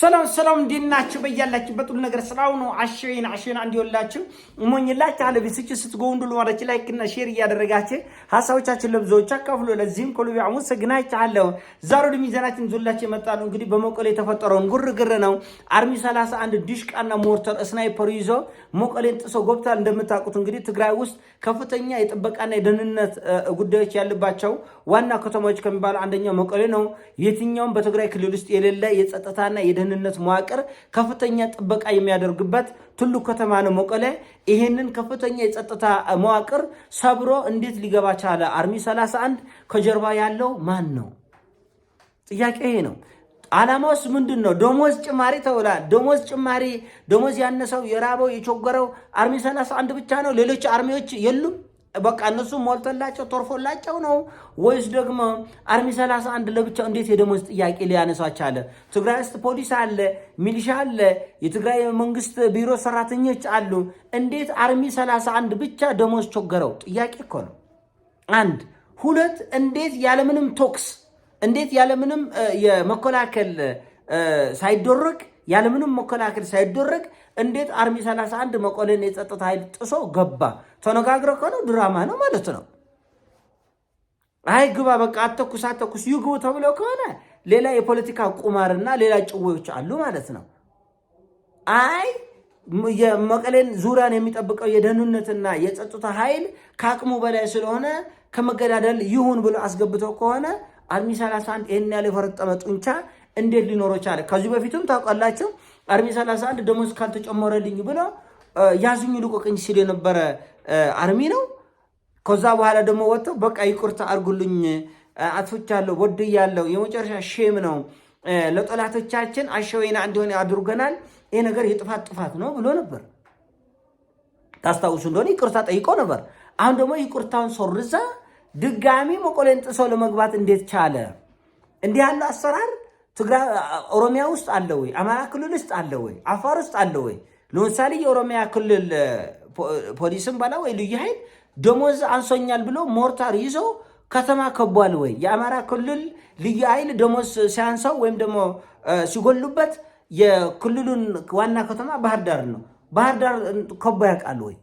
ሰላም ሰላም እንዴት ናችሁ? በያላችሁበት ሁሉ ነገር ስራው ነው። አሽሬን አሽሬን እንዲሆንላችሁ እሞኝላችሁ አለ ቢስች ስትጎንዱ ለማለት ላይክ እና ሼር እያደረጋችሁ ሀሳቦቻችን ለብዙዎች አካፍሎ ለዚህም ሁሉ አመሰግናችኋለሁ። ዛሬ ወደ ሚዛናችን ዙላችሁ ይመጣሉ። እንግዲህ በመቀሌ የተፈጠረውን ግርግር ነው። አርሚ 31 ዲሽቃና ሞርተር ስናይፐር ይዞ መቀሌን ጥሶ ገብቷል። እንደምታውቁት እንግዲህ ትግራይ ውስጥ ከፍተኛ የጥበቃና የደህንነት ጉዳዮች ያለባቸው ዋና ከተማዎች ከሚባሉ አንደኛው መቀሌ ነው። የትኛውም በትግራይ ክልል ውስጥ የሌለ የጸጥታና የደህንነት የደህንነት መዋቅር ከፍተኛ ጥበቃ የሚያደርግበት ትልቅ ከተማ ነው መቀሌ። ይህንን ከፍተኛ የጸጥታ መዋቅር ሰብሮ እንዴት ሊገባ ቻለ? አርሚ 31 ከጀርባ ያለው ማን ነው? ጥያቄ ይሄ ነው። አላማውስ ምንድን ነው? ደሞዝ ጭማሪ ተብሏል። ደሞዝ ጭማሪ፣ ደሞዝ ያነሰው፣ የራበው፣ የቸገረው አርሚ 31 ብቻ ነው። ሌሎች አርሚዎች የሉም። በቃ እነሱ ሞልቶላቸው ተርፎላቸው ነው ወይስ ደግሞ አርሚ 31 ለብቻው እንዴት የደሞዝ ጥያቄ ሊያነሷች አለ? ትግራይ ውስጥ ፖሊስ አለ፣ ሚሊሻ አለ፣ የትግራይ መንግስት ቢሮ ሰራተኞች አሉ። እንዴት አርሚ 31 ብቻ ደሞዝ ቸገረው? ጥያቄ እኮ ነው። አንድ ሁለት፣ እንዴት ያለምንም ቶክስ እንዴት ያለምንም የመከላከል ሳይደረግ ያለምንም መከላከል ሳይደረግ እንዴት አርሚ 31 መቀሌን የጸጥታ ኃይል ጥሶ ገባ? ተነጋግረ ከሆነ ድራማ ነው ማለት ነው። አይ ግባ በቃ አተኩስ አተኩስ ይግቡ ተብሎ ከሆነ ሌላ የፖለቲካ ቁማርና ሌላ ጭዌዎች አሉ ማለት ነው። አይ የመቀሌን ዙሪያን የሚጠብቀው የደህንነትና የጸጥታ ኃይል ከአቅሙ በላይ ስለሆነ ከመገዳደል ይሁን ብሎ አስገብተው ከሆነ አርሚ 31 ይህን ያለ የፈረጠመ ጡንቻ እንዴት ሊኖረው ቻለ? ከዚህ በፊትም ታውቃላችሁ አርሚ 31 ደሞዝ ካልተጨመረልኝ ብሎ ያዙኝ ልቆቅኝ ሲል የነበረ አርሚ ነው። ከዛ በኋላ ደግሞ ወጥተው በቃ ይቁርታ አርጉልኝ አጥፍቻለሁ፣ ወድያለሁ፣ የመጨረሻ ሼም ነው ለጠላቶቻችን አሸወይና እንዲሆን አድርገናል፣ ይሄ ነገር የጥፋት ጥፋት ነው ብሎ ነበር። ታስታውሱ እንደሆነ ይቁርታ ጠይቆ ነበር። አሁን ደግሞ ይቁርታውን ሰርዛ ድጋሚ መቀሌን ጥሶ ለመግባት እንዴት ቻለ? እንዲህ ያለ አሰራር ትግራይ ኦሮሚያ ውስጥ አለ ወይ? አማራ ክልል ውስጥ አለ ወይ? አፋር ውስጥ አለ ወይ? ለምሳሌ የኦሮሚያ ክልል ፖሊስም ባላ ወይ ልዩ ኃይል ደሞዝ አንሶኛል ብሎ ሞርታር ይዞ ከተማ ከቧል ወይ? የአማራ ክልል ልዩ ኃይል ደሞዝ ሲያንሰው ወይም ደግሞ ሲጎሉበት የክልሉን ዋና ከተማ ባህር ዳር ነው። ባህር ዳር ከቦ ያውቃል ወይ?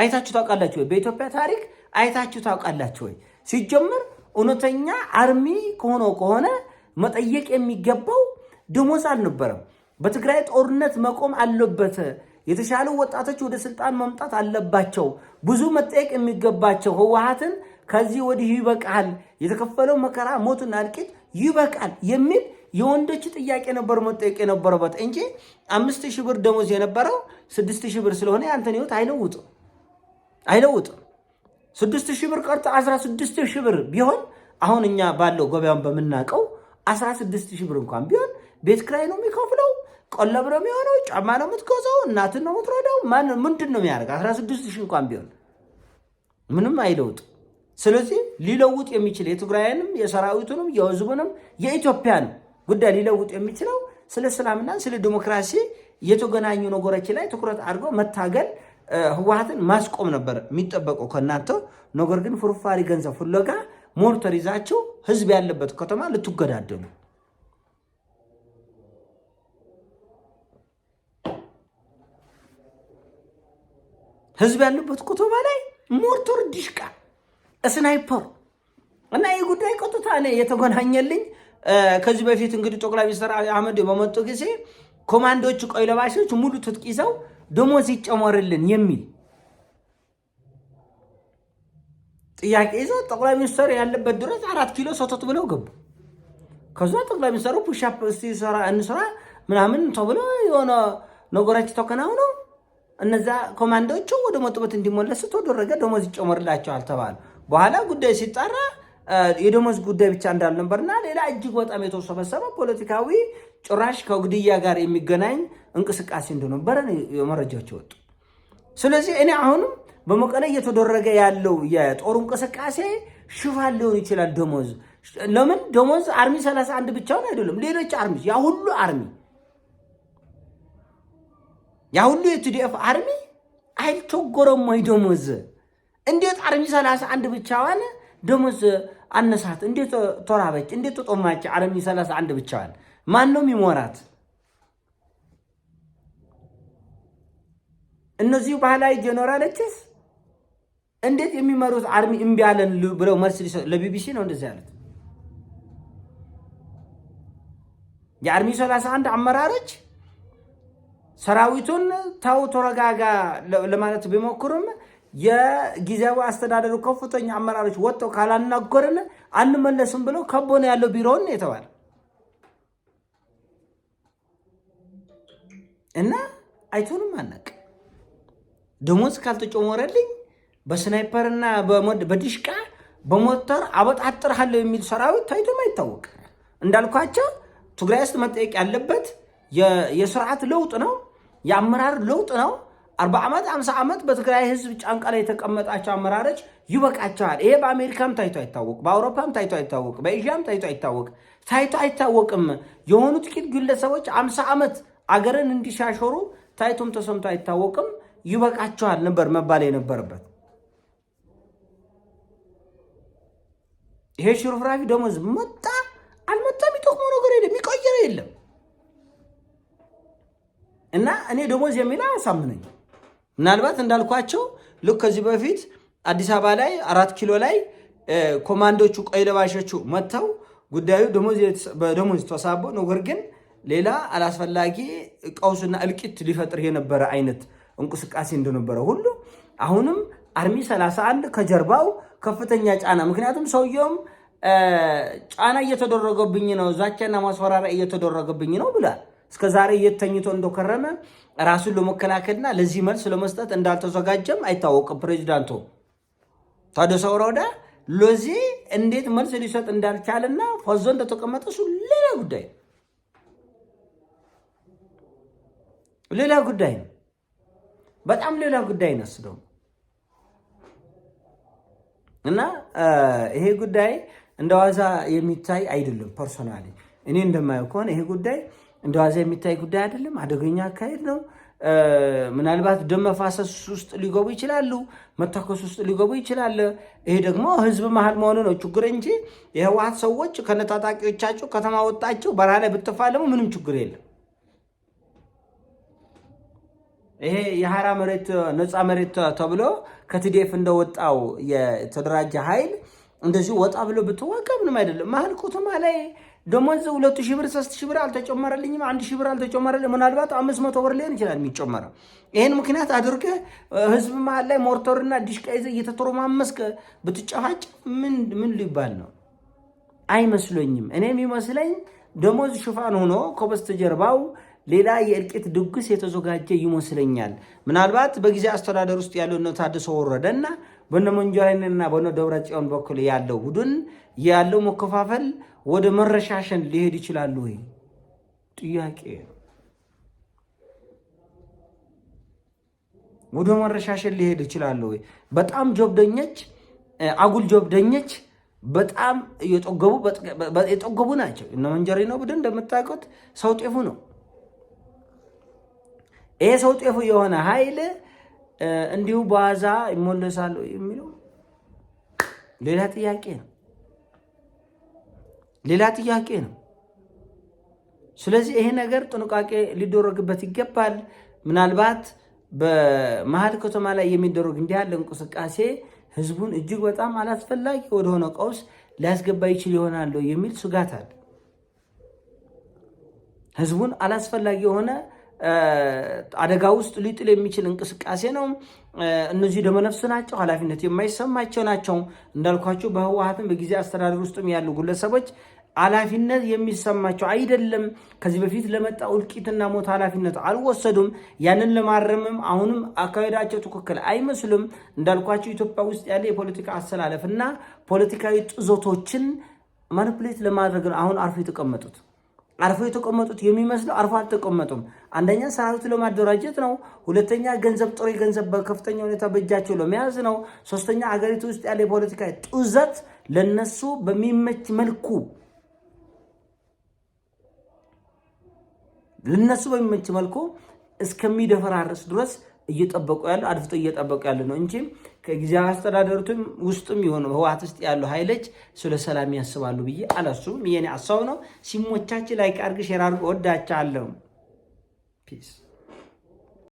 አይታችሁ ታውቃላችሁ ወይ? በኢትዮጵያ ታሪክ አይታችሁ ታውቃላችሁ ወይ? ሲጀምር እውነተኛ አርሚ ከሆነ ከሆነ መጠየቅ የሚገባው ደሞዝ አልነበረም። በትግራይ ጦርነት መቆም አለበት። የተሻሉ ወጣቶች ወደ ስልጣን መምጣት አለባቸው። ብዙ መጠየቅ የሚገባቸው ህወሓትን ከዚህ ወዲህ ይበቃል፣ የተከፈለው መከራ፣ ሞትና እልቂት ይበቃል የሚል የወንዶች ጥያቄ ነበር መጠየቅ የነበረበት እንጂ አምስት ሺህ ብር ደሞዝ የነበረው ስድስት ሺህ ብር ስለሆነ ያንተን ህይወት አይለውጥም አይለውጥ ስድስት ሺህ ብር ቀርቶ አስራ ስድስት ሺህ ብር ቢሆን አሁን እኛ ባለው ገበያውን በምናውቀው 16 ሺህ ብር እንኳን ቢሆን ቤት ክራይ ነው የሚከፍለው። ቆለብ ነው የሚሆነው። ጫማ ነው የምትገዛው። እናትን ነው የምትረዳው። ምንድን ነው የሚያደርግ? 16 ሺህ እንኳን ቢሆን ምንም አይለውጥ። ስለዚህ ሊለውጥ የሚችል የትግራይንም፣ የሰራዊቱንም፣ የህዝቡንም የኢትዮጵያን ጉዳይ ሊለውጥ የሚችለው ስለ ሰላምና ስለ ዲሞክራሲ የተገናኙ ነገሮች ላይ ትኩረት አድርጎ መታገል ህወሀትን ማስቆም ነበር የሚጠበቀው ከእናንተ። ነገር ግን ፍርፋሪ ገንዘብ ፍለጋ ሞርተር ይዛችሁ ህዝብ ያለበት ከተማ ልትገዳደሉ ህዝብ ያለበት ከተማ ላይ ሞርተር፣ ዲሽቃ፣ ስናይፐር እና ይህ ጉዳይ ቀጥታ እኔ የተገናኘልኝ ከዚህ በፊት እንግዲህ ጠቅላይ ሚኒስትር አህመድ በመጡ ጊዜ ኮማንዶቹ ቀይ ለባሾች ሙሉ ትጥቅ ይዘው ደሞዝ ይጨመርልን የሚል ጥያቄ ይዘው ጠቅላይ ሚኒስትር ያለበት ድረስ አራት ኪሎ ሰቶት ብለው ገቡ። ከዛ ጠቅላይ ሚኒስትሩ ፑሻፕ ሲሰራ እንስራ ምናምን ተብሎ የሆነ ነገሮች ተከናውነው እነዛ ኮማንዶዎቹ ወደ መጡበት እንዲመለሱ ተደረገ። ደሞዝ ይጨመርላቸዋል ተባለ። በኋላ ጉዳይ ሲጣራ የደሞዝ ጉዳይ ብቻ እንዳልነበርና ሌላ እጅግ በጣም የተሰበሰበ ፖለቲካዊ ጭራሽ ከግድያ ጋር የሚገናኝ እንቅስቃሴ እንደነበረ መረጃዎች ወጡ። ስለዚህ እኔ አሁንም በመቀለ እየተደረገ ያለው የጦሩ እንቅስቃሴ ሽፋን ሊሆን ይችላል። ደሞዝ ለምን ደሞዝ አርሚ 31 ብቻውን አይደለም፣ ሌሎች አርሚ ያ ሁሉ አርሚ ያ ሁሉ የቲዲኤፍ አርሚ አይቸጎረም ወይ ደሞዝ? እንዴት አርሚ 31 ብቻዋን ደሞዝ አነሳት? እንዴት ተራበች? እንዴት ተጦማች? አርሚ 31 ብቻዋን ማን ነው የሚሞራት? እነዚሁ ባህላዊ ጀኔራሎችስ እንዴት የሚመሩት አርሚ እምቢ አለን ብለው መልስ ለቢቢሲ ነው እንደዚህ ያሉት። የአርሚ 31 አመራሮች ሰራዊቱን ተው ተረጋጋ ለማለት ቢሞክሩም የጊዜያዊ አስተዳደሩ ከፍተኛ አመራሮች ወጥተው ካላናገርን አንመለስም ብለው ከቦ ነው ያለው ቢሮውን የተባለ እና አይቶንም አናቅ ደሞዝ ካልተጨመረልኝ በስናይፐርና በዲሽቃ በሞተር አበጣጥርሃለሁ የሚል ሰራዊት ታይቶም አይታወቅ። እንዳልኳቸው ትግራይ ውስጥ መጠየቅ ያለበት የስርዓት ለውጥ ነው፣ የአመራር ለውጥ ነው። አርባ ዓመት አምሳ ዓመት በትግራይ ህዝብ ጫንቃ ላይ የተቀመጣቸው አመራሮች ይበቃቸዋል። ይሄ በአሜሪካም ታይቶ አይታወቅ፣ በአውሮፓም ታይቶ አይታወቅ፣ በኤዥያም ታይቶ አይታወቅ፣ ታይቶ አይታወቅም። የሆኑ ጥቂት ግለሰቦች አምሳ ዓመት አገርን እንዲሻሸሩ ታይቶም ተሰምቶ አይታወቅም። ይበቃቸዋል ነበር መባል የነበረበት። ይሄ ሽርፍራፊ ደሞዝ መጣ አልመጣ የሚጠቅመው ነገር የለም፣ የሚቀይረው የለም። እና እኔ ደሞዝ የሚል አያሳምነኝ። ምናልባት እንዳልኳቸው ልክ ከዚህ በፊት አዲስ አበባ ላይ አራት ኪሎ ላይ ኮማንዶቹ ቀይ ለባሾቹ መጥተው ጉዳዩ በደሞዝ ተሳቦ ነገር ግን ሌላ አላስፈላጊ ቀውስና እልቂት ሊፈጥር የነበረ አይነት እንቅስቃሴ እንደነበረ ሁሉ አሁንም አርሚ 31 ከጀርባው ከፍተኛ ጫና ምክንያቱም ሰውየውም ጫና እየተደረገብኝ ነው፣ ዛቻና ማስፈራሪያ እየተደረገብኝ ነው ብሏል። እስከ ዛሬ የት እንደከረመ ራሱን ለመከላከልና ለዚህ መልስ ለመስጠት እንዳልተዘጋጀም አይታወቅም። ፕሬዚዳንቱ ታደሰ ወረደ ለዚህ እንዴት መልስ ሊሰጥ እንዳልቻለና ፈዞ እንደተቀመጠ እሱ ሌላ ጉዳይ ሌላ ጉዳይ ነው። በጣም ሌላ ጉዳይ ነስደው እና ይሄ ጉዳይ እንደዋዛ የሚታይ አይደለም። ፐርሶናሊ እኔ እንደማየው ከሆነ ይሄ ጉዳይ እንደዋዛ የሚታይ ጉዳይ አይደለም። አደገኛ አካሄድ ነው። ምናልባት ደም መፋሰስ ውስጥ ሊገቡ ይችላሉ፣ መተኮስ ውስጥ ሊገቡ ይችላል። ይሄ ደግሞ ህዝብ መሀል መሆኑ ነው ችግር እንጂ የህወሀት ሰዎች ከነታጣቂዎቻቸው ከተማ ወጣቸው በረሃ ላይ ብትፋለሙ ምንም ችግር የለም። ይሄ የሀራ መሬት ነፃ መሬት ተብሎ ከትዴፍ እንደወጣው የተደራጀ ኃይል እንደዚሁ ወጣ ብሎ ብትዋጋ ምንም አይደለም። መሀል ቁትማ ላይ ደሞዝ ሁለት ሺህ ብር ሶስት ሺህ ብር አልተጨመረልኝም፣ አንድ ሺህ ብር አልተጨመረልኝም፣ ምናልባት አምስት መቶ ብር ሊሆን ይችላል የሚጨመረው። ይህን ምክንያት አድርገህ ህዝብ መሀል ላይ ሞርተርና ዲሽቃ ይዘህ እየተተረማመስክ ብትጨፋጭ ምን ምን ሊባል ነው? አይመስለኝም። እኔ የሚመስለኝ ደሞዝ ሽፋን ሆኖ ከበስተጀርባው ሌላ የእልቂት ድግስ የተዘጋጀ ይመስለኛል። ምናልባት በጊዜ አስተዳደር ውስጥ ያለው እነ ታደሰ ወረደና በነ መንጆሪያንና በነ ደብረ ጽዮን በኩል ያለው ቡድን ያለው መከፋፈል ወደ መረሻሸን ሊሄድ ይችላል ወይ? ጥያቄ ወደ መረሻሸን ሊሄድ ይችላል ወይ? በጣም ጀብደኞች፣ አጉል ጀብደኞች በጣም የጠገቡ ናቸው። እነ ነው ቡድን እንደምታውቁት ሰው ጤፉ ነው። ይሄ ሰው ጤፉ የሆነ ኃይል እንዲሁ በዋዛ ይሞለሳሉ የሚለው ሌላ ጥያቄ ነው፣ ሌላ ጥያቄ ነው። ስለዚህ ይሄ ነገር ጥንቃቄ ሊደረግበት ይገባል። ምናልባት በመሀል ከተማ ላይ የሚደረግ እንዲህ ያለ እንቅስቃሴ ህዝቡን እጅግ በጣም አላስፈላጊ ወደሆነ ቀውስ ሊያስገባ ይችል ይሆናል የሚል ስጋት አለ። ህዝቡን አላስፈላጊ የሆነ አደጋ ውስጥ ሊጥል የሚችል እንቅስቃሴ ነው። እነዚህ ነፍስ ናቸው፣ ኃላፊነት የማይሰማቸው ናቸው። እንዳልኳቸው በህወሀትም በጊዜ አስተዳደር ውስጥም ያሉ ግለሰቦች ኃላፊነት የሚሰማቸው አይደለም። ከዚህ በፊት ለመጣ እልቂትና ሞት ኃላፊነት አልወሰዱም። ያንን ለማረምም አሁንም አካሄዳቸው ትክክል አይመስልም። እንዳልኳቸው ኢትዮጵያ ውስጥ ያለ የፖለቲካ አሰላለፍ እና ፖለቲካዊ ጥዞቶችን ማኒፕሌት ለማድረግ አሁን አርፎ የተቀመጡት አርፎ የተቀመጡት የሚመስለው አርፎ አልተቀመጡም። አንደኛ ሰራዊት ለማደራጀት ነው። ሁለተኛ ገንዘብ ጥሬ ገንዘብ በከፍተኛ ሁኔታ በእጃቸው ለመያዝ ነው። ሶስተኛ አገሪቱ ውስጥ ያለ የፖለቲካ ጡዘት ለነሱ በሚመች መልኩ ለነሱ በሚመች መልኩ እስከሚደፈራርስ ድረስ እየጠበቁ ያለ አድፍጦ እየጠበቁ ያለ ነው እንጂ ከጊዜያዊ አስተዳደሩትም ውስጥም የሆነ ህወሓት ውስጥ ያሉ ኃይሎች ስለ ሰላም ያስባሉ ብዬ አላሱም። የኔ አሳው ነው። ሲሞቻችን ላይ ቃርግሽ የራርጎ ወዳቻለሁ። Peace.